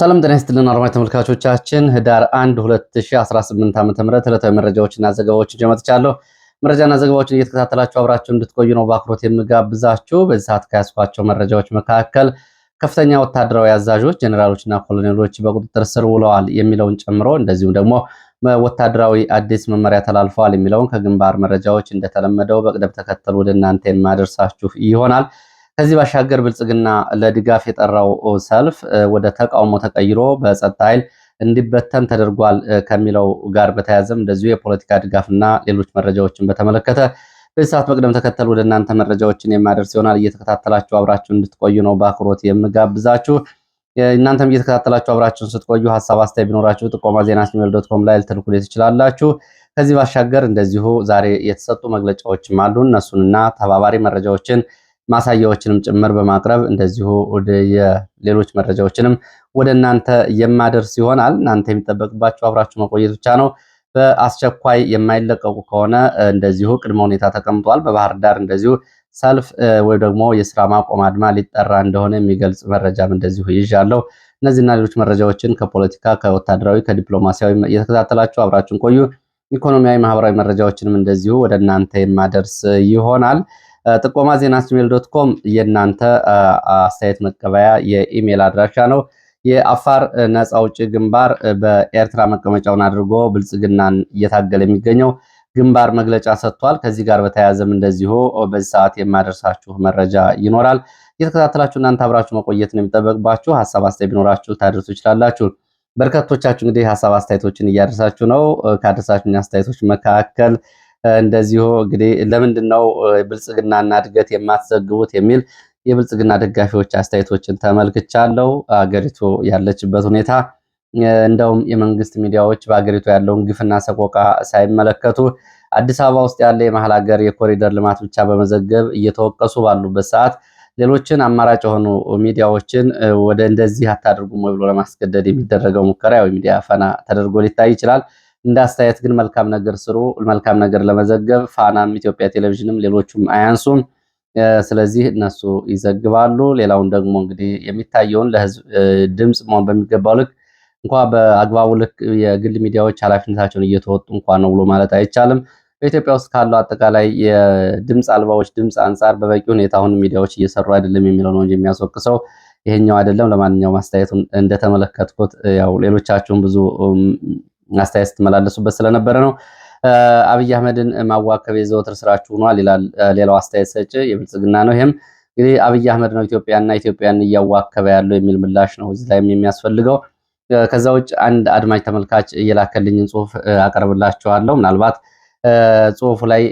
ሰላም ጤና ይስጥልን አድማጭ ተመልካቾቻችን፣ ህዳር 1 2018 ዓ.ም ዕለታዊ መረጃዎችና ዘገባዎችን ይዤ መጥቻለሁ። መረጃና ዘገባዎችን እየተከታተላችሁ አብራችሁ እንድትቆዩ ነው በአክብሮት የምጋብዛችሁ። በዚህ ሰዓት ከያዝኳቸው መረጃዎች መካከል ከፍተኛ ወታደራዊ አዛዦች ጀኔራሎችና ኮሎኔሎች በቁጥጥር ስር ውለዋል የሚለውን ጨምሮ እንደዚሁም ደግሞ ወታደራዊ አዲስ መመሪያ ተላልፈዋል የሚለውን ከግንባር መረጃዎች እንደተለመደው በቅደም ተከተል ወደ እናንተ የማደርሳችሁ ይሆናል። ከዚህ ባሻገር ብልጽግና ለድጋፍ የጠራው ሰልፍ ወደ ተቃውሞ ተቀይሮ በጸጥታ ኃይል እንዲበተን ተደርጓል ከሚለው ጋር በተያያዘም እንደዚሁ የፖለቲካ ድጋፍና ሌሎች መረጃዎችን በተመለከተ በዚህ ሰዓት በቅደም ተከተል ወደ እናንተ መረጃዎችን የማደርስ ይሆናል። እየተከታተላችሁ አብራችሁ እንድትቆዩ ነው በአክብሮት የምጋብዛችሁ። እናንተም እየተከታተላችሁ አብራችሁን ስትቆዩ ሀሳብ አስተያየት ቢኖራችሁ ጥቆማ ዜና ጂሜል ዶት ኮም ላይ ልትልኩልኝ ትችላላችሁ። ከዚህ ባሻገር እንደዚሁ ዛሬ የተሰጡ መግለጫዎችም አሉ። እነሱንና ተባባሪ መረጃዎችን ማሳያዎችንም ጭምር በማቅረብ እንደዚሁ ሌሎች መረጃዎችንም ወደ እናንተ የማደርስ ይሆናል። እናንተ የሚጠበቅባቸው አብራችሁ መቆየት ብቻ ነው። በአስቸኳይ የማይለቀቁ ከሆነ እንደዚሁ ቅድመ ሁኔታ ተቀምጧል። በባህር ዳር እንደዚሁ ሰልፍ ወይ ደግሞ የስራ ማቆም አድማ ሊጠራ እንደሆነ የሚገልጽ መረጃም እንደዚሁ ይዣለሁ። እነዚህና ሌሎች መረጃዎችን ከፖለቲካ ከወታደራዊ፣ ከዲፕሎማሲያዊ እየተከታተላችሁ አብራችሁን ቆዩ። ኢኮኖሚያዊ፣ ማህበራዊ መረጃዎችንም እንደዚሁ ወደ እናንተ የማደርስ ይሆናል። ጥቆማ ዜና ጂሜል ዶት ኮም የእናንተ አስተያየት መቀበያ የኢሜይል አድራሻ ነው። የአፋር ነፃ አውጪ ግንባር በኤርትራ መቀመጫውን አድርጎ ብልጽግናን እየታገለ የሚገኘው ግንባር መግለጫ ሰጥቷል። ከዚህ ጋር በተያያዘም እንደዚሁ በዚህ ሰዓት የማደርሳችሁ መረጃ ይኖራል። እየተከታተላችሁ እናንተ አብራችሁ መቆየት ነው የሚጠበቅባችሁ። ሀሳብ አስተያየት ቢኖራችሁ ታደርሱ ይችላላችሁ። በርካቶቻችሁ እንግዲህ ሀሳብ አስተያየቶችን እያደረሳችሁ ነው። ካደረሳችሁ አስተያየቶች መካከል እንደዚሁ እንግዲህ ለምንድን ነው ብልጽግናና እድገት የማትዘግቡት የሚል የብልጽግና ደጋፊዎች አስተያየቶችን ተመልክቻለሁ። አገሪቱ ያለችበት ሁኔታ እንደውም የመንግስት ሚዲያዎች በአገሪቱ ያለውን ግፍና ሰቆቃ ሳይመለከቱ አዲስ አበባ ውስጥ ያለ የመሀል ሀገር የኮሪደር ልማት ብቻ በመዘገብ እየተወቀሱ ባሉበት ሰዓት ሌሎችን አማራጭ የሆኑ ሚዲያዎችን ወደ እንደዚህ አታደርጉም ወይ ብሎ ለማስገደድ የሚደረገው ሙከራ ያው ሚዲያ ፈና ተደርጎ ሊታይ ይችላል። እንደ አስተያየት ግን መልካም ነገር ስሩ፣ መልካም ነገር ለመዘገብ ፋናም፣ ኢትዮጵያ ቴሌቪዥንም ሌሎቹም አያንሱም። ስለዚህ እነሱ ይዘግባሉ። ሌላውን ደግሞ እንግዲህ የሚታየውን ለህዝብ ድምፅ መሆን በሚገባው ልክ እንኳ በአግባቡ ልክ የግል ሚዲያዎች ኃላፊነታቸውን እየተወጡ እንኳን ነው ብሎ ማለት አይቻልም። በኢትዮጵያ ውስጥ ካለው አጠቃላይ የድምፅ አልባዎች ድምፅ አንጻር በበቂ ሁኔታ አሁን ሚዲያዎች እየሰሩ አይደለም የሚለው ነው እንጂ የሚያስወቅሰው ይሄኛው አይደለም። ለማንኛውም አስተያየቱን እንደተመለከትኩት ያው ሌሎቻችሁም ብዙ አስተያየት ስትመላለሱበት ስለነበረ ነው። አብይ አህመድን ማዋከብ የዘወትር ስራችሁ ሆኗል ይላል ሌላው አስተያየት ሰጭ፣ የብልጽግና ነው። ይህም እንግዲህ አብይ አህመድ ነው ኢትዮጵያና ኢትዮጵያን እያዋከበ ያለው የሚል ምላሽ ነው እዚህ ላይም የሚያስፈልገው። ከዛ ውጭ አንድ አድማጅ ተመልካች እየላከልኝን ጽሁፍ አቀርብላችኋለሁ። ምናልባት ጽሁፉ ላይ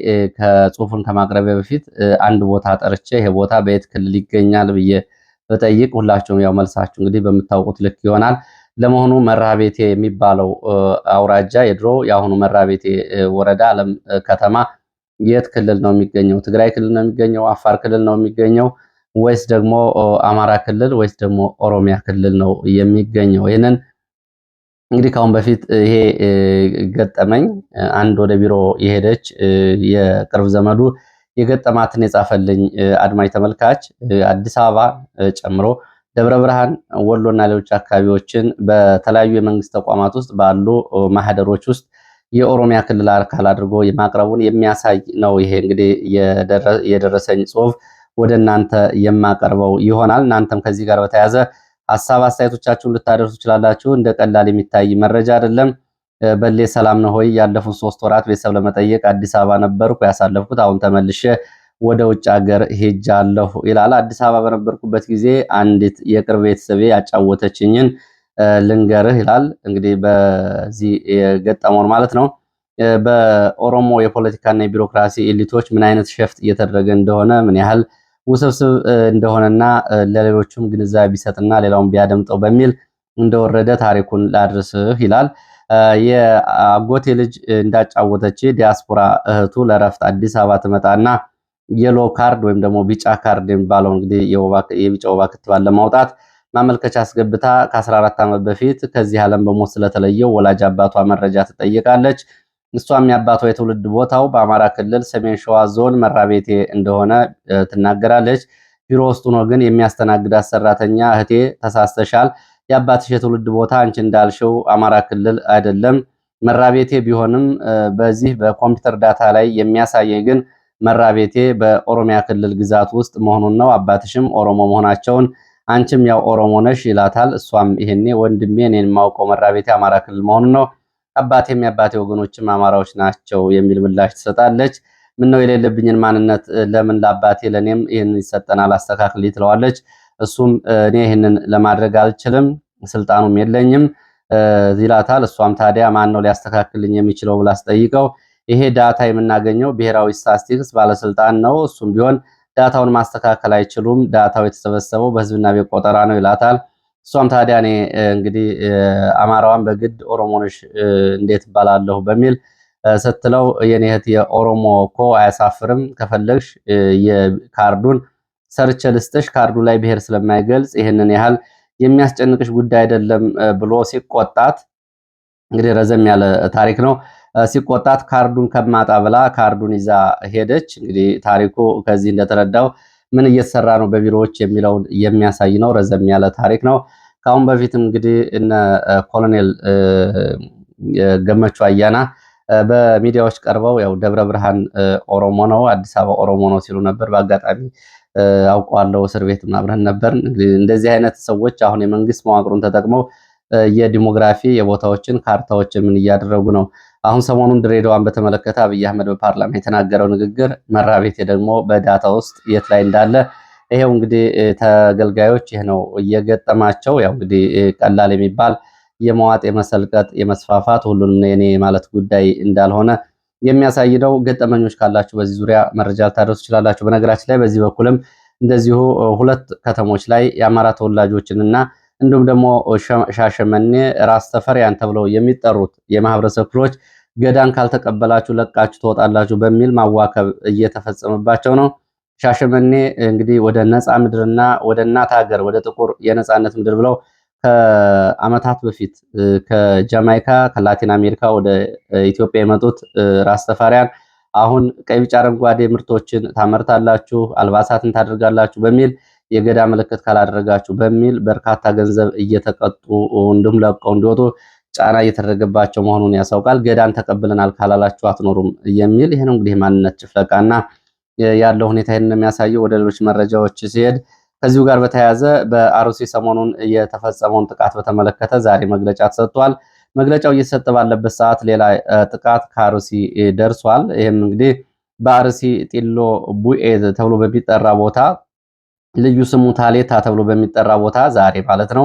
ጽሁፉን ከማቅረቢያ በፊት አንድ ቦታ ጠርቼ ይሄ ቦታ በየት ክልል ይገኛል ብዬ በጠይቅ ሁላችሁም ያው መልሳችሁ እንግዲህ በምታውቁት ልክ ይሆናል። ለመሆኑ መራቤቴ የሚባለው አውራጃ የድሮ የአሁኑ መራቤቴ ወረዳ አለም ከተማ የት ክልል ነው የሚገኘው? ትግራይ ክልል ነው የሚገኘው? አፋር ክልል ነው የሚገኘው? ወይስ ደግሞ አማራ ክልል ወይስ ደግሞ ኦሮሚያ ክልል ነው የሚገኘው? ይህንን እንግዲህ ከአሁን በፊት ይሄ ገጠመኝ አንድ ወደ ቢሮ የሄደች የቅርብ ዘመዱ የገጠማትን የጻፈልኝ አድማኝ ተመልካች አዲስ አበባ ጨምሮ ደብረ ብርሃን ወሎና ሌሎች አካባቢዎችን በተለያዩ የመንግስት ተቋማት ውስጥ ባሉ ማህደሮች ውስጥ የኦሮሚያ ክልል አካል አድርጎ የማቅረቡን የሚያሳይ ነው። ይሄ እንግዲህ የደረሰኝ ጽሁፍ ወደ እናንተ የማቀርበው ይሆናል። እናንተም ከዚህ ጋር በተያያዘ ሀሳብ አስተያየቶቻችሁን ልታደርሱ ትችላላችሁ። እንደ ቀላል የሚታይ መረጃ አይደለም። በሌ ሰላም ነው ሆይ ያለፉት ሶስት ወራት ቤተሰብ ለመጠየቅ አዲስ አበባ ነበርኩ ያሳለፍኩት። አሁን ተመልሼ ወደ ውጭ ሀገር ሄጃለሁ ይላል። አዲስ አበባ በነበርኩበት ጊዜ አንዲት የቅርብ ቤተሰቤ ያጫወተችኝን ልንገርህ ይላል። እንግዲህ በዚህ የገጠመውን ማለት ነው። በኦሮሞ የፖለቲካና የቢሮክራሲ ኤሊቶች ምን አይነት ሸፍጥ እየተደረገ እንደሆነ ምን ያህል ውስብስብ እንደሆነና ለሌሎቹም ግንዛቤ ቢሰጥና ሌላውን ቢያደምጠው በሚል እንደወረደ ታሪኩን ላድርስህ ይላል። የአጎቴ ልጅ እንዳጫወተች ዲያስፖራ እህቱ ለረፍት አዲስ አበባ ትመጣና የሎ ካርድ ወይም ደግሞ ቢጫ ካርድ የሚባለው እንግዲህ የቢጫ ወባ ክትባት ለማውጣት ማመልከቻ አስገብታ ከ14 ዓመት በፊት ከዚህ ዓለም በሞት ስለተለየው ወላጅ አባቷ መረጃ ትጠይቃለች። እሷም የአባቷ የትውልድ ቦታው በአማራ ክልል ሰሜን ሸዋ ዞን መራቤቴ እንደሆነ ትናገራለች። ቢሮ ውስጡ ነው ግን የሚያስተናግዳት ሰራተኛ እህቴ ተሳስተሻል፣ የአባትሽ የትውልድ ቦታ አንቺ እንዳልሽው አማራ ክልል አይደለም መራቤቴ ቢሆንም በዚህ በኮምፒውተር ዳታ ላይ የሚያሳየ ግን መራቤቴ በኦሮሚያ ክልል ግዛት ውስጥ መሆኑን ነው። አባትሽም ኦሮሞ መሆናቸውን አንቺም ያው ኦሮሞ ነሽ ይላታል። እሷም ይሄኔ ወንድሜ እኔን የማውቀው መራቤቴ አማራ ክልል መሆኑን ነው፣ አባቴም የአባቴ ወገኖችም አማራዎች ናቸው የሚል ምላሽ ትሰጣለች። ነው የሌለብኝን ማንነት ለምን ለአባቴ ለእኔም ይህን ይሰጠናል አስተካክል ትለዋለች። እሱም እኔ ይህንን ለማድረግ አልችልም ስልጣኑም የለኝም ይላታል። እሷም ታዲያ ማን ነው ሊያስተካክልኝ የሚችለው ብላ ስጠይቀው ይሄ ዳታ የምናገኘው ብሔራዊ ስታስቲክስ ባለስልጣን ነው። እሱም ቢሆን ዳታውን ማስተካከል አይችሉም። ዳታው የተሰበሰበው በህዝብና ቤት ቆጠራ ነው ይላታል። እሷም ታዲያ እኔ እንግዲህ አማራዋን በግድ ኦሮሞኖች እንዴት እባላለሁ በሚል ስትለው የኔ እህት የኦሮሞ እኮ አያሳፍርም፣ ከፈለግሽ የካርዱን ሰርቼ ልስጥሽ፣ ካርዱ ላይ ብሔር ስለማይገልጽ ይህንን ያህል የሚያስጨንቅሽ ጉዳይ አይደለም ብሎ ሲቆጣት እንግዲህ ረዘም ያለ ታሪክ ነው። ሲቆጣት ካርዱን ከማጣ ብላ ካርዱን ይዛ ሄደች። እንግዲህ ታሪኩ ከዚህ እንደተረዳው ምን እየተሰራ ነው በቢሮዎች የሚለውን የሚያሳይ ነው። ረዘም ያለ ታሪክ ነው። ከአሁን በፊትም እንግዲህ እነ ኮሎኔል ገመቹ አያና በሚዲያዎች ቀርበው ያው ደብረ ብርሃን ኦሮሞ ነው፣ አዲስ አበባ ኦሮሞ ነው ሲሉ ነበር። በአጋጣሚ አውቀዋለሁ፣ እስር ቤት አብረን ነበር። እንደዚህ አይነት ሰዎች አሁን የመንግስት መዋቅሩን ተጠቅመው የዲሞግራፊ የቦታዎችን ካርታዎችን ምን እያደረጉ ነው አሁን ሰሞኑን ድሬዳዋን በተመለከተ አብይ አህመድ በፓርላማ የተናገረው ንግግር መራቤቴ ደግሞ በዳታ ውስጥ የት ላይ እንዳለ ይሄው እንግዲህ ተገልጋዮች ይህ ነው እየገጠማቸው። ያው እንግዲህ ቀላል የሚባል የመዋጥ የመሰልቀጥ የመስፋፋት ሁሉንም የኔ ማለት ጉዳይ እንዳልሆነ የሚያሳይ ነው። ገጠመኞች ካላችሁ በዚህ ዙሪያ መረጃ ልታደርሱ ትችላላችሁ። በነገራችን ላይ በዚህ በኩልም እንደዚሁ ሁለት ከተሞች ላይ የአማራ ተወላጆችን እና እንዲሁም ደግሞ ሻሸመኔ፣ ራስ ተፈሪያን ተብለው የሚጠሩት የማህበረሰብ ክፍሎች ገዳን ካልተቀበላችሁ ለቃችሁ ትወጣላችሁ በሚል ማዋከብ እየተፈጸመባቸው ነው። ሻሸመኔ እንግዲህ ወደ ነፃ ምድርና ወደ እናት ሀገር ወደ ጥቁር የነፃነት ምድር ብለው ከአመታት በፊት ከጃማይካ ከላቲን አሜሪካ ወደ ኢትዮጵያ የመጡት ራስ ተፈሪያን አሁን ቀይ፣ ቢጫ፣ አረንጓዴ ምርቶችን ታመርታላችሁ፣ አልባሳትን ታደርጋላችሁ በሚል የገዳ ምልክት ካላደረጋችሁ በሚል በርካታ ገንዘብ እየተቀጡ እንዲሁም ለቀው እንዲወጡ ጫና እየተደረገባቸው መሆኑን ያሳውቃል። ገዳን ተቀብለናል ካላላችሁ አትኖሩም የሚል ይህን እንግዲህ ማንነት ጭፍለቃና ያለው ሁኔታ ይህን የሚያሳየው ወደ ሌሎች መረጃዎች ሲሄድ ከዚሁ ጋር በተያያዘ በአሩሲ ሰሞኑን የተፈጸመውን ጥቃት በተመለከተ ዛሬ መግለጫ ተሰጥቷል። መግለጫው እየተሰጠ ባለበት ሰዓት ሌላ ጥቃት ከአሩሲ ደርሷል። ይህም እንግዲህ በአርሲ ጢሎ ቡኤ ተብሎ በሚጠራ ቦታ ልዩ ስሙ ታሌታ ተብሎ በሚጠራ ቦታ ዛሬ ማለት ነው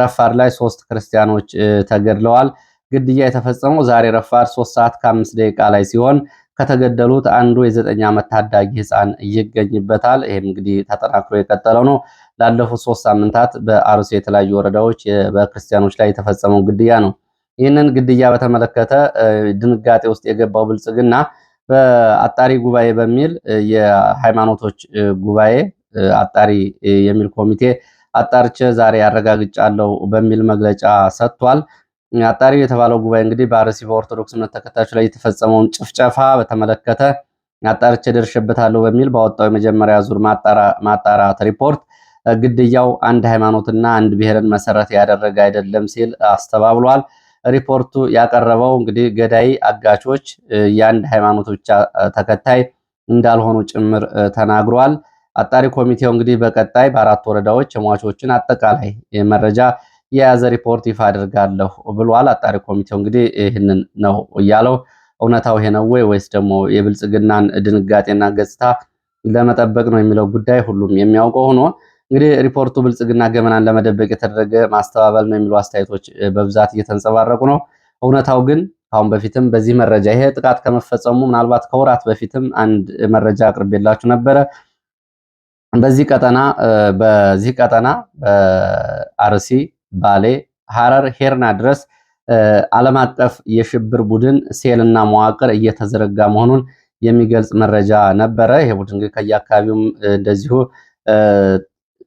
ረፋድ ላይ ሶስት ክርስቲያኖች ተገድለዋል። ግድያ የተፈጸመው ዛሬ ረፋድ ሶስት ሰዓት ከአምስት ደቂቃ ላይ ሲሆን ከተገደሉት አንዱ የዘጠኝ ዓመት ታዳጊ ህፃን ይገኝበታል። ይህም እንግዲህ ተጠናክሮ የቀጠለው ነው። ላለፉት ሶስት ሳምንታት በአርሲ የተለያዩ ወረዳዎች በክርስቲያኖች ላይ የተፈጸመው ግድያ ነው። ይህንን ግድያ በተመለከተ ድንጋጤ ውስጥ የገባው ብልጽግና በአጣሪ ጉባኤ በሚል የሃይማኖቶች ጉባኤ አጣሪ የሚል ኮሚቴ አጣርቼ ዛሬ ያረጋግጫለሁ በሚል መግለጫ ሰጥቷል። አጣሪው የተባለው ጉባኤ እንግዲህ በአርሲ በኦርቶዶክስ እምነት ተከታዮች ላይ የተፈጸመውን ጭፍጨፋ በተመለከተ አጣርቼ ደርሼበታለሁ በሚል ባወጣው የመጀመሪያ ዙር ማጣራት ሪፖርት ግድያው አንድ ሃይማኖትና አንድ ብሔርን መሰረት ያደረገ አይደለም ሲል አስተባብሏል። ሪፖርቱ ያቀረበው እንግዲህ ገዳይ አጋቾች የአንድ ሃይማኖት ብቻ ተከታይ እንዳልሆኑ ጭምር ተናግሯል። አጣሪ ኮሚቴው እንግዲህ በቀጣይ በአራት ወረዳዎች የሟቾችን አጠቃላይ መረጃ የያዘ ሪፖርት ይፋ አድርጋለሁ ብሏል። አጣሪ ኮሚቴው እንግዲህ ይህንን ነው እያለው። እውነታው ይሄ ነው ወይ ወይስ ደግሞ የብልጽግናን ድንጋጤና ገጽታ ለመጠበቅ ነው የሚለው ጉዳይ ሁሉም የሚያውቀው ሆኖ እንግዲህ ሪፖርቱ ብልጽግና ገመናን ለመደበቅ የተደረገ ማስተባበል ነው የሚሉ አስተያየቶች በብዛት እየተንጸባረቁ ነው። እውነታው ግን ከአሁን በፊትም በዚህ መረጃ ይሄ ጥቃት ከመፈጸሙ ምናልባት ከወራት በፊትም አንድ መረጃ አቅርቤላችሁ ነበረ። በዚህ ቀጠና በዚህ ቀጠና በአርሲ ባሌ፣ ሐረር፣ ሄርና ድረስ ዓለም አቀፍ የሽብር ቡድን ሴልና መዋቅር እየተዘረጋ መሆኑን የሚገልጽ መረጃ ነበረ። ይሄ ቡድን ግን ከየአካባቢውም እንደዚሁ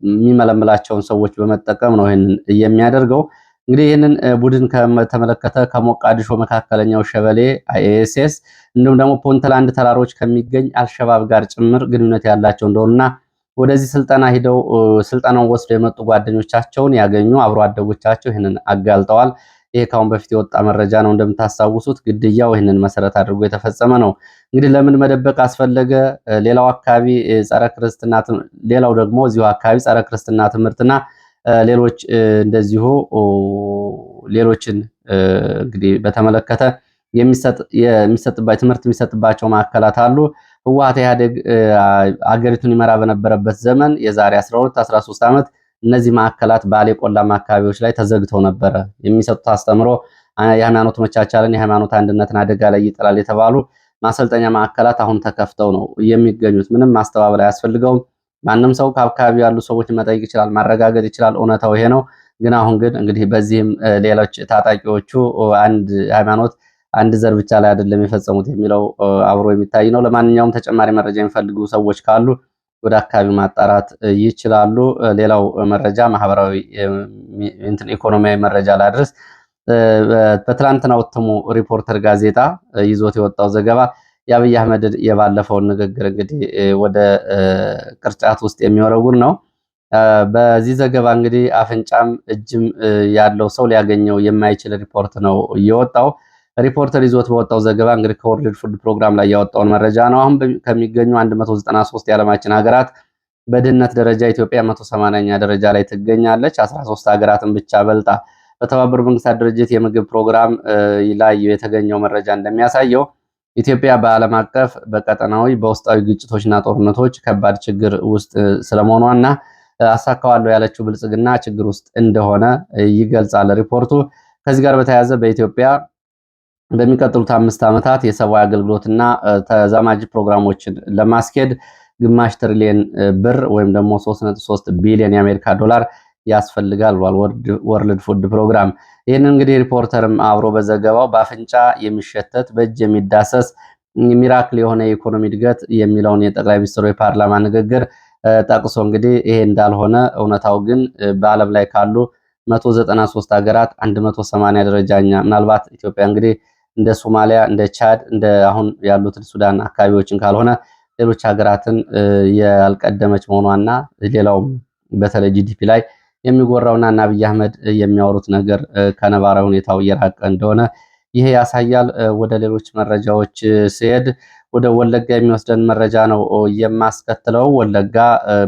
የሚመለምላቸውን ሰዎች በመጠቀም ነው ይህንን የሚያደርገው። እንግዲህ ይህንን ቡድን ከተመለከተ ከሞቃዲሾ መካከለኛው ሸበሌ አይኤስኤስ እንዲሁም ደግሞ ፑንትላንድ ተራሮች ከሚገኝ አልሸባብ ጋር ጭምር ግንኙነት ያላቸው እንደሆኑና ወደዚህ ስልጠና ሂደው ስልጠናውን ወስደው የመጡ ጓደኞቻቸውን ያገኙ አብሮ አደጎቻቸው ይህንን አጋልጠዋል። ይሄ ካሁን በፊት የወጣ መረጃ ነው። እንደምታስታውሱት ግድያው ይህንን መሰረት አድርጎ የተፈጸመ ነው። እንግዲህ ለምን መደበቅ አስፈለገ? ሌላው አካባቢ ጸረ ክርስትና፣ ሌላው ደግሞ እዚሁ አካባቢ ጸረ ክርስትና ትምህርትና ሌሎች እንደዚሁ ሌሎችን እንግዲህ በተመለከተ የሚሰጥ ትምህርት የሚሰጥባቸው ማዕከላት አሉ። ህወሓት ኢህአዴግ አገሪቱን ይመራ በነበረበት ዘመን የዛሬ 12 13 ዓመት እነዚህ ማዕከላት ባሌ ቆላማ አካባቢዎች ላይ ተዘግተው ነበረ። የሚሰጡት አስተምሮ የሃይማኖት መቻቻልን፣ የሃይማኖት አንድነትን አደጋ ላይ ይጥላል የተባሉ ማሰልጠኛ ማዕከላት አሁን ተከፍተው ነው የሚገኙት። ምንም ማስተባበል አያስፈልገውም። ማንም ሰው ከአካባቢው ያሉ ሰዎች መጠየቅ ይችላል፣ ማረጋገጥ ይችላል። እውነታው ይሄ ነው። ግን አሁን ግን እንግዲህ በዚህም ሌሎች ታጣቂዎቹ አንድ ሃይማኖት አንድ ዘር ብቻ ላይ አይደለም የፈጸሙት የሚለው አብሮ የሚታይ ነው። ለማንኛውም ተጨማሪ መረጃ የሚፈልጉ ሰዎች ካሉ ወደ አካባቢው ማጣራት ይችላሉ። ሌላው መረጃ ማህበራዊ ኢኮኖሚያዊ መረጃ ላድረስ። በትላንትናው እትሙ ሪፖርተር ጋዜጣ ይዞት የወጣው ዘገባ የአብይ አህመድን የባለፈውን ንግግር እንግዲህ ወደ ቅርጫት ውስጥ የሚወረውር ነው። በዚህ ዘገባ እንግዲህ አፍንጫም እጅም ያለው ሰው ሊያገኘው የማይችል ሪፖርት ነው እየወጣው ሪፖርተር ይዞት በወጣው ዘገባ እንግዲህ ከወርልድ ፉድ ፕሮግራም ላይ ያወጣውን መረጃ ነው። አሁን ከሚገኙ 193 የዓለማችን ሀገራት በድህነት ደረጃ ኢትዮጵያ 180ኛ ደረጃ ላይ ትገኛለች። 13 ሀገራትን ብቻ በልጣ በተባበሩት መንግስታት ድርጅት የምግብ ፕሮግራም ላይ የተገኘው መረጃ እንደሚያሳየው ኢትዮጵያ በዓለም አቀፍ በቀጠናዊ በውስጣዊ ግጭቶችና ጦርነቶች ከባድ ችግር ውስጥ ስለመሆኗና አሳካዋለሁ ያለችው ብልጽግና ችግር ውስጥ እንደሆነ ይገልጻል ሪፖርቱ። ከዚህ ጋር በተያያዘ በኢትዮጵያ በሚቀጥሉት አምስት ዓመታት የሰብአዊ አገልግሎትና ተዛማጅ ፕሮግራሞችን ለማስኬድ ግማሽ ትሪሊየን ብር ወይም ደግሞ 3.3 ቢሊዮን የአሜሪካ ዶላር ያስፈልጋል ብሏል ወርልድ ፉድ ፕሮግራም። ይህንን እንግዲህ ሪፖርተርም አብሮ በዘገባው በአፍንጫ የሚሸተት በእጅ የሚዳሰስ ሚራክል የሆነ የኢኮኖሚ እድገት የሚለውን የጠቅላይ ሚኒስትሩ የፓርላማ ንግግር ጠቅሶ እንግዲህ ይሄ እንዳልሆነ እውነታው ግን በዓለም ላይ ካሉ 193 ሀገራት 180 ደረጃኛ ምናልባት ኢትዮጵያ እንግዲህ እንደ ሶማሊያ፣ እንደ ቻድ፣ እንደ አሁን ያሉትን ሱዳን አካባቢዎችን ካልሆነ ሌሎች ሀገራትን ያልቀደመች መሆኗና ሌላውም በተለይ ጂዲፒ ላይ የሚጎራውና እና አብይ አህመድ የሚያወሩት ነገር ከነባራዊ ሁኔታው እየራቀ እንደሆነ ይሄ ያሳያል። ወደ ሌሎች መረጃዎች ሲሄድ ወደ ወለጋ የሚወስደን መረጃ ነው የማስከትለው። ወለጋ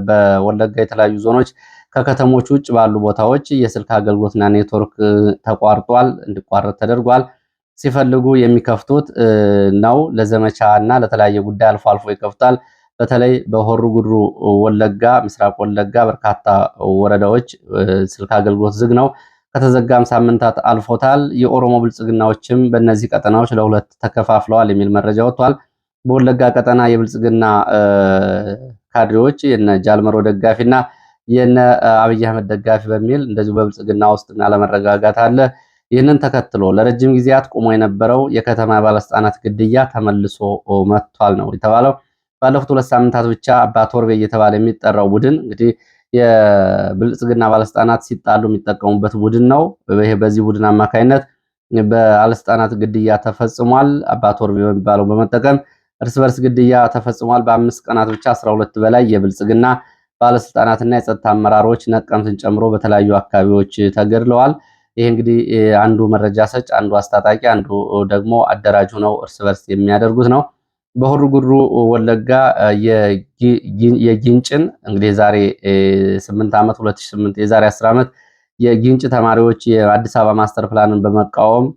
በወለጋ የተለያዩ ዞኖች ከከተሞች ውጭ ባሉ ቦታዎች የስልክ አገልግሎትና ኔትወርክ ተቋርጧል፣ እንዲቋረጥ ተደርጓል። ሲፈልጉ የሚከፍቱት ነው። ለዘመቻ እና ለተለያየ ጉዳይ አልፎ አልፎ ይከፍታል። በተለይ በሆሩ ጉድሩ ወለጋ፣ ምስራቅ ወለጋ በርካታ ወረዳዎች ስልክ አገልግሎት ዝግ ነው። ከተዘጋም ሳምንታት አልፎታል። የኦሮሞ ብልጽግናዎችም በእነዚህ ቀጠናዎች ለሁለት ተከፋፍለዋል የሚል መረጃ ወጥቷል። በወለጋ ቀጠና የብልጽግና ካድሬዎች የነ ጃልመሮ ደጋፊና የነ አብይ አህመድ ደጋፊ በሚል እንደዚሁ በብልጽግና ውስጥ አለመረጋጋት አለ። ይህንን ተከትሎ ለረጅም ጊዜያት ቆሞ የነበረው የከተማ ባለስልጣናት ግድያ ተመልሶ መጥቷል ነው የተባለው። ባለፉት ሁለት ሳምንታት ብቻ አባቶርቤ እየተባለ የሚጠራው ቡድን እንግዲህ የብልጽግና ባለስልጣናት ሲጣሉ የሚጠቀሙበት ቡድን ነው። ይሄ በዚህ ቡድን አማካኝነት በባለስልጣናት ግድያ ተፈጽሟል። አባቶርቤ በሚባለው በመጠቀም እርስ በርስ ግድያ ተፈጽሟል። በአምስት ቀናት ብቻ አስራ ሁለት በላይ የብልጽግና ባለስልጣናትና የጸጥታ አመራሮች ነቀምትን ጨምሮ በተለያዩ አካባቢዎች ተገድለዋል። ይሄ እንግዲህ አንዱ መረጃ ሰጭ፣ አንዱ አስታጣቂ፣ አንዱ ደግሞ አደራጁ ነው እርስ በርስ የሚያደርጉት ነው። በሆሩ ጉድሩ ወለጋ የጊንጭን እንግዲህ የዛሬ 8 ዓመት 2008 የዛሬ 10 ዓመት የጊንጭ ተማሪዎች የአዲስ አበባ ማስተር ፕላንን በመቃወም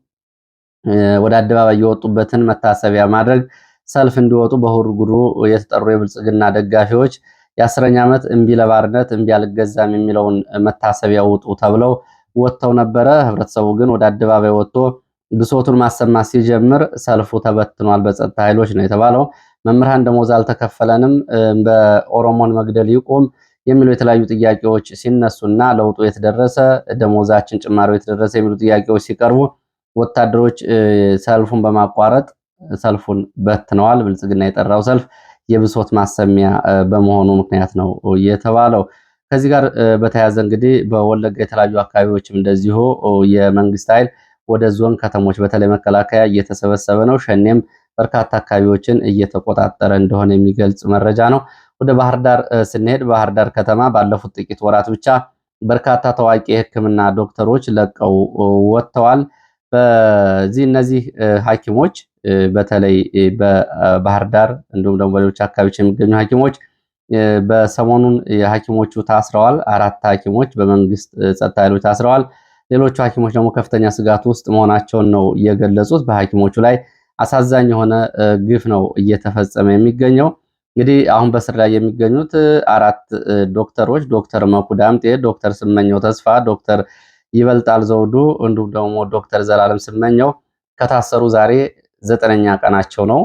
ወደ አደባባይ የወጡበትን መታሰቢያ ማድረግ ሰልፍ እንዲወጡ በሆሩ ጉድሩ የተጠሩ የብልጽግና ደጋፊዎች የአስረኛ ዓመት እምቢ ለባርነት እምቢ አልገዛም የሚለውን መታሰቢያ ውጡ ተብለው ወጥተው ነበረ። ህብረተሰቡ ግን ወደ አደባባይ ወጥቶ ብሶቱን ማሰማት ሲጀምር ሰልፉ ተበትኗል በጸጥታ ኃይሎች ነው የተባለው። መምህራን ደሞዝ አልተከፈለንም፣ በኦሮሞን መግደል ይቁም የሚሉ የተለያዩ ጥያቄዎች ሲነሱና ለውጡ የተደረሰ ደሞዛችን ጭማሪ የተደረሰ የሚሉ ጥያቄዎች ሲቀርቡ ወታደሮች ሰልፉን በማቋረጥ ሰልፉን በትነዋል። ብልጽግና የጠራው ሰልፍ የብሶት ማሰሚያ በመሆኑ ምክንያት ነው የተባለው። ከዚህ ጋር በተያያዘ እንግዲህ በወለጋ የተለያዩ አካባቢዎችም እንደዚሁ የመንግስት ኃይል ወደ ዞን ከተሞች በተለይ መከላከያ እየተሰበሰበ ነው። ሸኔም በርካታ አካባቢዎችን እየተቆጣጠረ እንደሆነ የሚገልጽ መረጃ ነው። ወደ ባህር ዳር ስንሄድ ባህር ዳር ከተማ ባለፉት ጥቂት ወራት ብቻ በርካታ ታዋቂ የሕክምና ዶክተሮች ለቀው ወጥተዋል። በዚህ እነዚህ ሐኪሞች በተለይ በባህር ዳር እንዲሁም ደግሞ በሌሎች አካባቢዎች የሚገኙ ሐኪሞች በሰሞኑን ሐኪሞቹ ታስረዋል። አራት ሐኪሞች በመንግስት ጸጥታ ኃይሎች ታስረዋል። ሌሎቹ ሐኪሞች ደግሞ ከፍተኛ ስጋት ውስጥ መሆናቸውን ነው የገለጹት። በሐኪሞቹ ላይ አሳዛኝ የሆነ ግፍ ነው እየተፈጸመ የሚገኘው። እንግዲህ አሁን በስር ላይ የሚገኙት አራት ዶክተሮች ዶክተር መኩ ዳምጤ፣ ዶክተር ስመኘው ተስፋ፣ ዶክተር ይበልጣል ዘውዱ እንዲሁም ደግሞ ዶክተር ዘላለም ስመኘው ከታሰሩ ዛሬ ዘጠነኛ ቀናቸው ነው።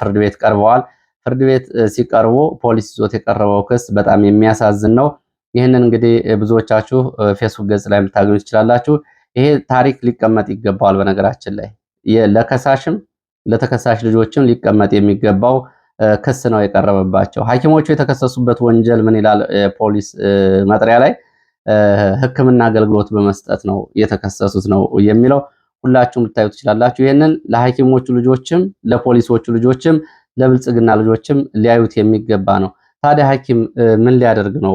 ፍርድ ቤት ቀርበዋል። ፍርድ ቤት ሲቀርቡ ፖሊስ ይዞት የቀረበው ክስ በጣም የሚያሳዝን ነው። ይህንን እንግዲህ ብዙዎቻችሁ ፌስቡክ ገጽ ላይ የምታገኙ ትችላላችሁ። ይሄ ታሪክ ሊቀመጥ ይገባዋል። በነገራችን ላይ ለከሳሽም ለተከሳሽ ልጆችም ሊቀመጥ የሚገባው ክስ ነው የቀረበባቸው። ሐኪሞቹ የተከሰሱበት ወንጀል ምን ይላል? ፖሊስ መጥሪያ ላይ ሕክምና አገልግሎት በመስጠት ነው የተከሰሱት ነው የሚለው። ሁላችሁም ልታዩ ትችላላችሁ። ይህንን ለሐኪሞቹ ልጆችም ለፖሊሶቹ ልጆችም ለብልጽግና ልጆችም ሊያዩት የሚገባ ነው። ታዲያ ሐኪም ምን ሊያደርግ ነው?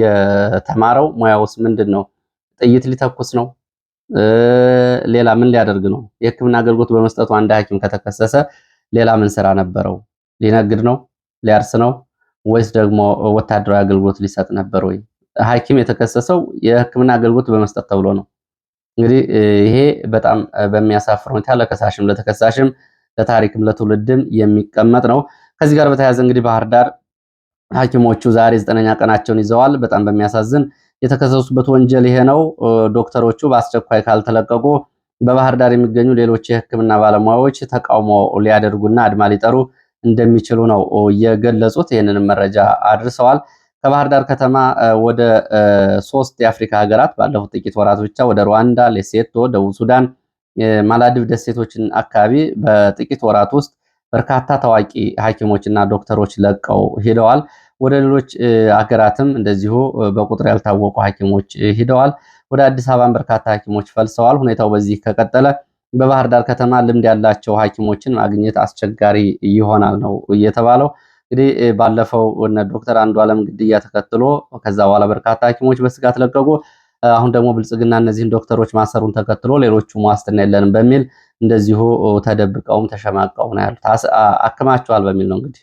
የተማረው ሙያውስ ምንድን ነው? ጥይት ሊተኩስ ነው? ሌላ ምን ሊያደርግ ነው? የህክምና አገልግሎት በመስጠቱ አንድ ሐኪም ከተከሰሰ ሌላ ምን ስራ ነበረው? ሊነግድ ነው? ሊያርስ ነው? ወይስ ደግሞ ወታደራዊ አገልግሎት ሊሰጥ ነበር ወይ? ሐኪም የተከሰሰው የህክምና አገልግሎት በመስጠት ተብሎ ነው። እንግዲህ ይሄ በጣም በሚያሳፍር ሁኔታ ለከሳሽም ለተከሳሽም ለታሪክም ለትውልድም የሚቀመጥ ነው። ከዚህ ጋር በተያያዘ እንግዲህ ባህር ዳር ሐኪሞቹ ዛሬ ዘጠነኛ ቀናቸውን ይዘዋል። በጣም በሚያሳዝን የተከሰሱበት ወንጀል ይሄ ነው። ዶክተሮቹ በአስቸኳይ ካልተለቀቁ በባህር ዳር የሚገኙ ሌሎች የሕክምና ባለሙያዎች ተቃውሞ ሊያደርጉና አድማ ሊጠሩ እንደሚችሉ ነው የገለጹት። ይህንንም መረጃ አድርሰዋል። ከባህር ዳር ከተማ ወደ ሶስት የአፍሪካ ሀገራት ባለፉት ጥቂት ወራት ብቻ ወደ ሩዋንዳ፣ ሌሴቶ፣ ደቡብ ሱዳን የማላዲቭ ደሴቶችን አካባቢ በጥቂት ወራት ውስጥ በርካታ ታዋቂ ሐኪሞች እና ዶክተሮች ለቀው ሂደዋል። ወደ ሌሎች አገራትም እንደዚሁ በቁጥር ያልታወቁ ሐኪሞች ሂደዋል። ወደ አዲስ አበባም በርካታ ሐኪሞች ፈልሰዋል። ሁኔታው በዚህ ከቀጠለ በባህር ዳር ከተማ ልምድ ያላቸው ሐኪሞችን ማግኘት አስቸጋሪ ይሆናል ነው እየተባለው። እንግዲህ ባለፈው እነ ዶክተር አንዱ አለም ግድያ ተከትሎ ከዛ በኋላ በርካታ ሐኪሞች በስጋት ለቀቁ። አሁን ደግሞ ብልጽግና እነዚህን ዶክተሮች ማሰሩን ተከትሎ ሌሎቹም ዋስትና የለንም በሚል እንደዚሁ ተደብቀውም ተሸማቀው ነው ያሉት። አክማቸዋል በሚል ነው እንግዲህ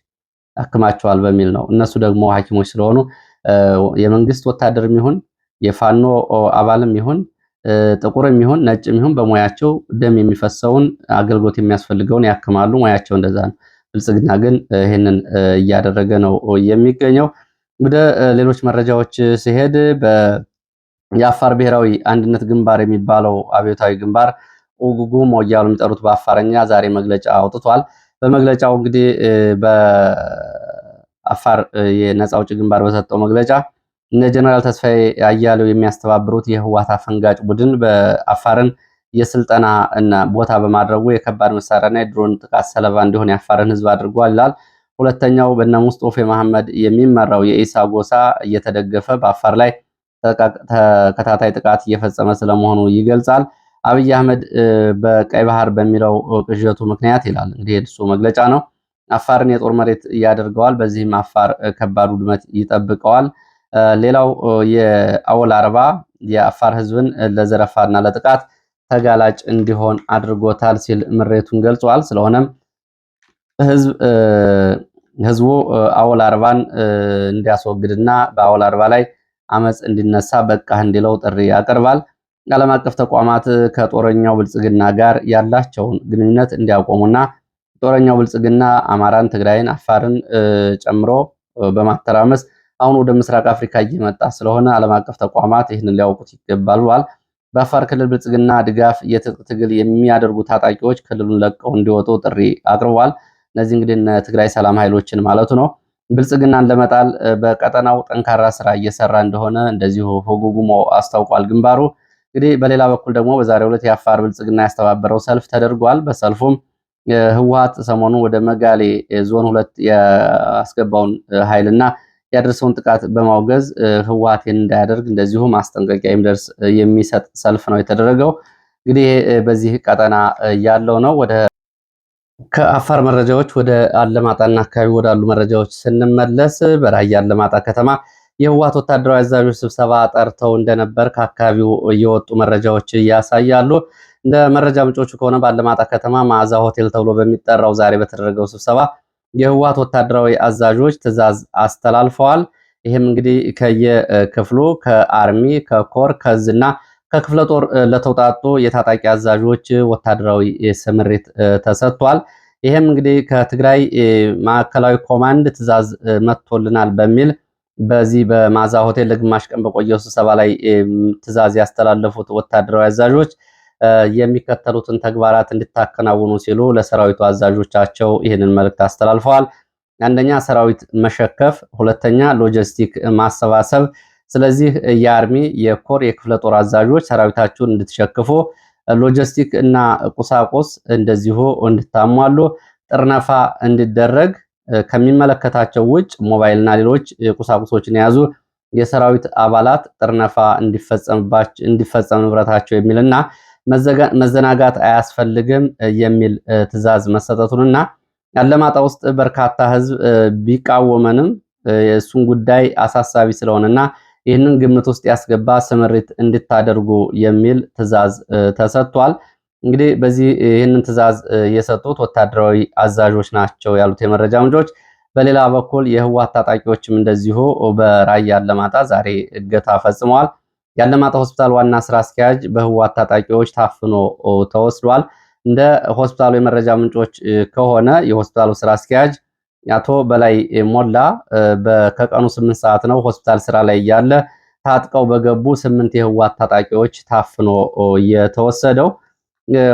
አክማቸዋል በሚል ነው። እነሱ ደግሞ ሐኪሞች ስለሆኑ የመንግስት ወታደርም ይሁን የፋኖ አባልም ይሁን ጥቁርም ይሁን ነጭም ይሁን በሙያቸው ደም የሚፈሰውን አገልግሎት የሚያስፈልገውን ያክማሉ። ሙያቸው እንደዛ ነው። ብልጽግና ግን ይህንን እያደረገ ነው የሚገኘው። ወደ ሌሎች መረጃዎች ሲሄድ የአፋር ብሔራዊ አንድነት ግንባር የሚባለው አብዮታዊ ግንባር ኡጉጉሞ እያሉ የሚጠሩት በአፋረኛ ዛሬ መግለጫ አውጥቷል። በመግለጫው እንግዲህ በአፋር የነፃ አውጪ ግንባር በሰጠው መግለጫ እነ ጀነራል ተስፋዬ አያሌው የሚያስተባብሩት የህዋት አፈንጋጭ ቡድን በአፋርን የስልጠና እና ቦታ በማድረጉ የከባድ መሳሪያና የድሮን ጥቃት ሰለባ እንዲሆን የአፋርን ህዝብ አድርጓል ይላል። ሁለተኛው በነ ሙስጦፌ መሐመድ የሚመራው የኢሳ ጎሳ እየተደገፈ በአፋር ላይ ተከታታይ ጥቃት እየፈጸመ ስለመሆኑ ይገልጻል። አብይ አህመድ በቀይ ባህር በሚለው ቅዠቱ ምክንያት ይላል እንግዲህ የእሱ መግለጫ ነው፣ አፋርን የጦር መሬት ያደርገዋል። በዚህም አፋር ከባድ ውድመት ይጠብቀዋል። ሌላው የአወል አርባ የአፋር ህዝብን ለዘረፋና ለጥቃት ተጋላጭ እንዲሆን አድርጎታል ሲል ምሬቱን ገልጿል። ስለሆነም ህዝቡ አወል አርባን እንዲያስወግድና በአወል አርባ ላይ አመፅ እንዲነሳ በቃህ እንዲለው ጥሪ ያቀርባል። ዓለም አቀፍ ተቋማት ከጦረኛው ብልጽግና ጋር ያላቸውን ግንኙነት እንዲያቆሙና ጦረኛው ብልጽግና አማራን፣ ትግራይን፣ አፋርን ጨምሮ በማተራመስ አሁን ወደ ምስራቅ አፍሪካ እየመጣ ስለሆነ ዓለም አቀፍ ተቋማት ይህንን ሊያውቁት ይገባል ብሏል። በአፋር ክልል ብልጽግና ድጋፍ የትጥቅ ትግል የሚያደርጉ ታጣቂዎች ክልሉን ለቀው እንዲወጡ ጥሪ አቅርቧል። እነዚህ እንግዲህ ትግራይ ሰላም ኃይሎችን ማለቱ ነው። ብልጽግናን ለመጣል በቀጠናው ጠንካራ ስራ እየሰራ እንደሆነ እንደዚሁ ሆጉጉሞ አስታውቋል። ግንባሩ እንግዲህ በሌላ በኩል ደግሞ በዛሬው ዕለት የአፋር ብልጽግና ያስተባበረው ሰልፍ ተደርጓል። በሰልፉም ህወሀት ሰሞኑ ወደ መጋሌ ዞን ሁለት ያስገባውን ኃይልና ያደርሰውን ጥቃት በማውገዝ ህወሓት እንዳያደርግ እንደዚሁ ማስጠንቀቂያ የሚደርስ የሚሰጥ ሰልፍ ነው የተደረገው። እንግዲህ በዚህ ቀጠና ያለው ነው ወደ ከአፋር መረጃዎች ወደ አለማጣና አካባቢ ወዳሉ መረጃዎች ስንመለስ በራያ አለማጣ ከተማ የህወሓት ወታደራዊ አዛዦች ስብሰባ ጠርተው እንደነበር ከአካባቢው የወጡ መረጃዎች ያሳያሉ። እንደ መረጃ ምንጮቹ ከሆነ በአለማጣ ከተማ መዓዛ ሆቴል ተብሎ በሚጠራው ዛሬ በተደረገው ስብሰባ የህወሓት ወታደራዊ አዛዦች ትዕዛዝ አስተላልፈዋል። ይህም እንግዲህ ከየክፍሉ ከአርሚ ከኮር ከዝና ከክፍለ ጦር ለተውጣጡ የታጣቂ አዛዦች ወታደራዊ ስምሪት ተሰጥቷል። ይህም እንግዲህ ከትግራይ ማዕከላዊ ኮማንድ ትዕዛዝ መጥቶልናል በሚል በዚህ በማዛ ሆቴል ለግማሽ ቀን በቆየው ስብሰባ ላይ ትዕዛዝ ያስተላለፉት ወታደራዊ አዛዦች የሚከተሉትን ተግባራት እንድታከናውኑ ሲሉ ለሰራዊቱ አዛዦቻቸው ይህንን መልእክት አስተላልፈዋል። አንደኛ ሰራዊት መሸከፍ፣ ሁለተኛ ሎጂስቲክ ማሰባሰብ ስለዚህ የአርሚ የኮር የክፍለ ጦር አዛዦች ሰራዊታችሁን እንድትሸክፉ ሎጂስቲክ እና ቁሳቁስ እንደዚሁ እንድታሟሉ ጥርነፋ እንዲደረግ ከሚመለከታቸው ውጭ ሞባይል ሌሎች ቁሳቁሶችን የያዙ የሰራዊት አባላት ጥርነፋ እንዲፈጸም ንብረታቸው የሚልና መዘናጋት አያስፈልግም የሚል ትዕዛዝ መሰጠቱንና አለማጣ ውስጥ በርካታ ሕዝብ ቢቃወመንም የእሱን ጉዳይ አሳሳቢ ስለሆነና ይህንን ግምት ውስጥ ያስገባ ስምሪት እንድታደርጉ የሚል ትዕዛዝ ተሰጥቷል። እንግዲህ በዚህ ይህንን ትዕዛዝ የሰጡት ወታደራዊ አዛዦች ናቸው ያሉት የመረጃ ምንጮች፣ በሌላ በኩል የህወሓት ታጣቂዎችም እንደዚሁ በራያ አላማጣ ዛሬ እገታ ፈጽመዋል። የአላማጣ ሆስፒታል ዋና ስራ አስኪያጅ በህወሓት ታጣቂዎች ታፍኖ ተወስዷል። እንደ ሆስፒታሉ የመረጃ ምንጮች ከሆነ የሆስፒታሉ ስራ አስኪያጅ አቶ በላይ ሞላ ከቀኑ ስምንት ሰዓት ነው ሆስፒታል ስራ ላይ እያለ ታጥቀው በገቡ ስምንት የህወሓት ታጣቂዎች ታፍኖ የተወሰደው።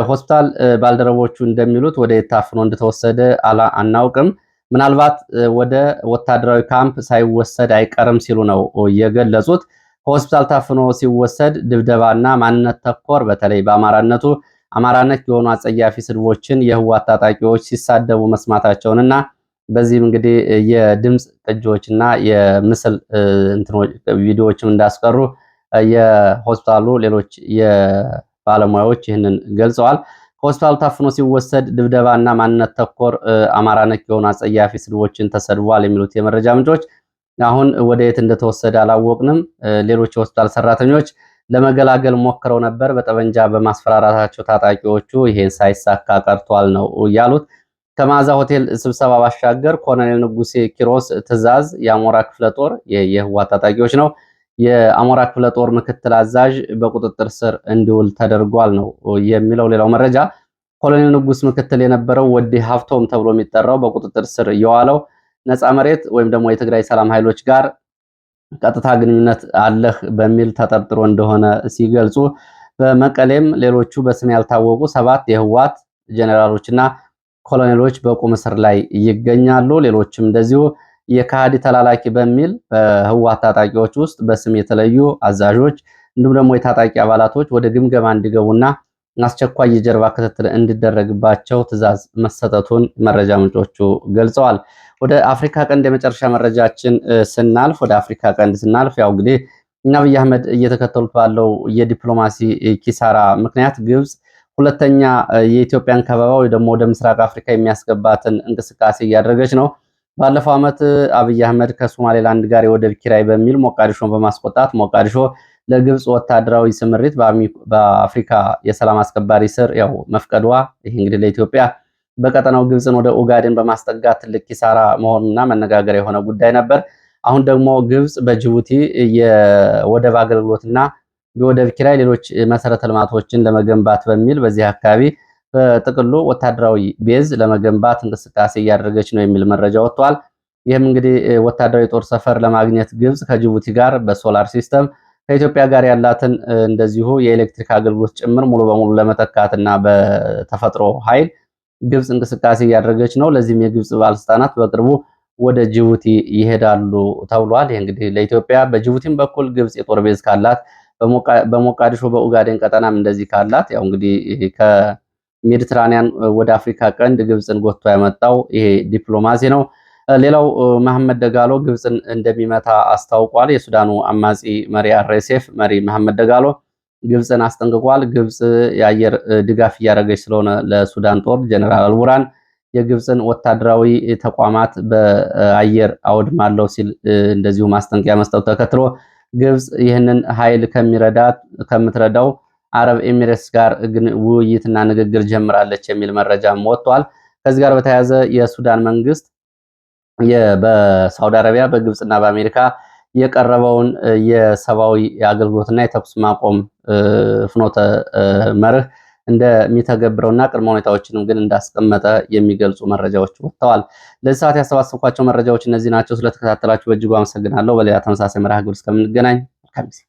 ሆስፒታል ባልደረቦቹ እንደሚሉት ወደ የታፍኖ እንደተወሰደ አናውቅም፣ ምናልባት ወደ ወታደራዊ ካምፕ ሳይወሰድ አይቀርም ሲሉ ነው የገለጹት። ከሆስፒታል ታፍኖ ሲወሰድ ድብደባና ማንነት ተኮር በተለይ በአማራነቱ አማራነት የሆኑ አጸያፊ ስድቦችን የህወሓት ታጣቂዎች ሲሳደቡ መስማታቸውንና በዚህም እንግዲህ የድምፅ ቅጂዎች እና የምስል ቪዲዮዎችም እንዳስቀሩ የሆስፒታሉ ሌሎች የባለሙያዎች ይህንን ገልጸዋል። ከሆስፒታሉ ታፍኖ ሲወሰድ ድብደባና ማንነት ተኮር አማራ ነክ የሆኑ አጸያፊ ስድቦችን ተሰድቧል የሚሉት የመረጃ ምንጮች አሁን ወደ የት እንደተወሰደ አላወቅንም። ሌሎች የሆስፒታል ሰራተኞች ለመገላገል ሞክረው ነበር፣ በጠመንጃ በማስፈራራታቸው ታጣቂዎቹ ይሄን ሳይሳካ ቀርቷል ነው ያሉት። ከመዓዛ ሆቴል ስብሰባ ባሻገር ኮሎኔል ንጉሴ ኪሮስ ትዕዛዝ የአሞራ ክፍለ ጦር የህወሓት ታጣቂዎች ነው የአሞራ ክፍለ ጦር ምክትል አዛዥ በቁጥጥር ስር እንዲውል ተደርጓል ነው የሚለው ሌላው መረጃ። ኮሎኔል ንጉስ ምክትል የነበረው ወዲ ሀፍቶም ተብሎ የሚጠራው በቁጥጥር ስር የዋለው ነፃ መሬት ወይም ደግሞ የትግራይ ሰላም ኃይሎች ጋር ቀጥታ ግንኙነት አለህ በሚል ተጠርጥሮ እንደሆነ ሲገልጹ፣ በመቀሌም ሌሎቹ በስም ያልታወቁ ሰባት የህወሓት ጄኔራሎችና ኮሎኔሎች በቁም እስር ላይ ይገኛሉ። ሌሎችም እንደዚሁ የካሃዲ ተላላኪ በሚል በህወሓት ታጣቂዎች ውስጥ በስም የተለዩ አዛዦች እንዲሁም ደግሞ የታጣቂ አባላቶች ወደ ግምገማ እንዲገቡና አስቸኳይ የጀርባ ክትትል እንዲደረግባቸው ትዕዛዝ መሰጠቱን መረጃ ምንጮቹ ገልጸዋል። ወደ አፍሪካ ቀንድ የመጨረሻ መረጃችን ስናልፍ ወደ አፍሪካ ቀንድ ስናልፍ ያው እንግዲህ አብይ አህመድ እየተከተሉት ባለው የዲፕሎማሲ ኪሳራ ምክንያት ግብጽ ሁለተኛ የኢትዮጵያን ከበባ ወይ ደግሞ ወደ ምስራቅ አፍሪካ የሚያስገባትን እንቅስቃሴ እያደረገች ነው። ባለፈው ዓመት አብይ አህመድ ከሶማሌላንድ ጋር የወደብ ኪራይ በሚል ሞቃዲሾን በማስቆጣት ሞቃዲሾ ለግብፅ ወታደራዊ ስምሪት በአፍሪካ የሰላም አስከባሪ ስር ያው መፍቀዷ ይህ እንግዲህ ለኢትዮጵያ በቀጠናው ግብፅን ወደ ኦጋዴን በማስጠጋት ትልቅ ኪሳራ መሆኑና መነጋገር የሆነ ጉዳይ ነበር። አሁን ደግሞ ግብፅ በጅቡቲ የወደብ አገልግሎትና የወደብ ኪራይ፣ ሌሎች መሰረተ ልማቶችን ለመገንባት በሚል በዚህ አካባቢ በጥቅሉ ወታደራዊ ቤዝ ለመገንባት እንቅስቃሴ እያደረገች ነው የሚል መረጃ ወጥቷል። ይህም እንግዲህ ወታደራዊ ጦር ሰፈር ለማግኘት ግብጽ ከጅቡቲ ጋር በሶላር ሲስተም ከኢትዮጵያ ጋር ያላትን እንደዚሁ የኤሌክትሪክ አገልግሎት ጭምር ሙሉ በሙሉ ለመተካትና በተፈጥሮ ኃይል ግብጽ እንቅስቃሴ እያደረገች ነው። ለዚህም የግብጽ ባለስልጣናት በቅርቡ ወደ ጅቡቲ ይሄዳሉ ተብሏል። ይህ እንግዲህ ለኢትዮጵያ በጅቡቲም በኩል ግብጽ የጦር ቤዝ ካላት በሞቃዲሾ በኡጋዴን ቀጠናም እንደዚህ ካላት ያው እንግዲህ ከሜዲትራኒያን ወደ አፍሪካ ቀንድ ግብፅን ጎትቶ ያመጣው ይሄ ዲፕሎማሲ ነው። ሌላው መሐመድ ደጋሎ ግብፅን እንደሚመታ አስታውቋል። የሱዳኑ አማጺ መሪ አሬሴፍ መሪ መሐመድ ደጋሎ ግብፅን አስጠንቅቋል። ግብፅ የአየር ድጋፍ እያደረገች ስለሆነ ለሱዳን ጦር ጀኔራል አልቡራን የግብፅን ወታደራዊ ተቋማት በአየር አወድማለሁ ሲል እንደዚሁ ማስጠንቀቂያ መስጠቱ ተከትሎ ግብጽ ይህንን ኃይል ከምትረዳው አረብ ኤሚሬትስ ጋር ውይይትና ንግግር ጀምራለች የሚል መረጃም ወጥቷል። ከዚህ ጋር በተያያዘ የሱዳን መንግስት በሳውዲ አረቢያ በግብጽና በአሜሪካ የቀረበውን የሰብአዊ አገልግሎትና የተኩስ ማቆም ፍኖተ መርህ እንደሚተገብረውና ቅድመ ሁኔታዎችንም ግን እንዳስቀመጠ የሚገልጹ መረጃዎች ወጥተዋል። ለዚህ ሰዓት ያሰባሰብኳቸው መረጃዎች እነዚህ ናቸው። ስለተከታተላችሁ በእጅጉ አመሰግናለሁ። በሌላ ተመሳሳይ መርሃ ግብር እስከምንገናኝ መልካም ጊዜ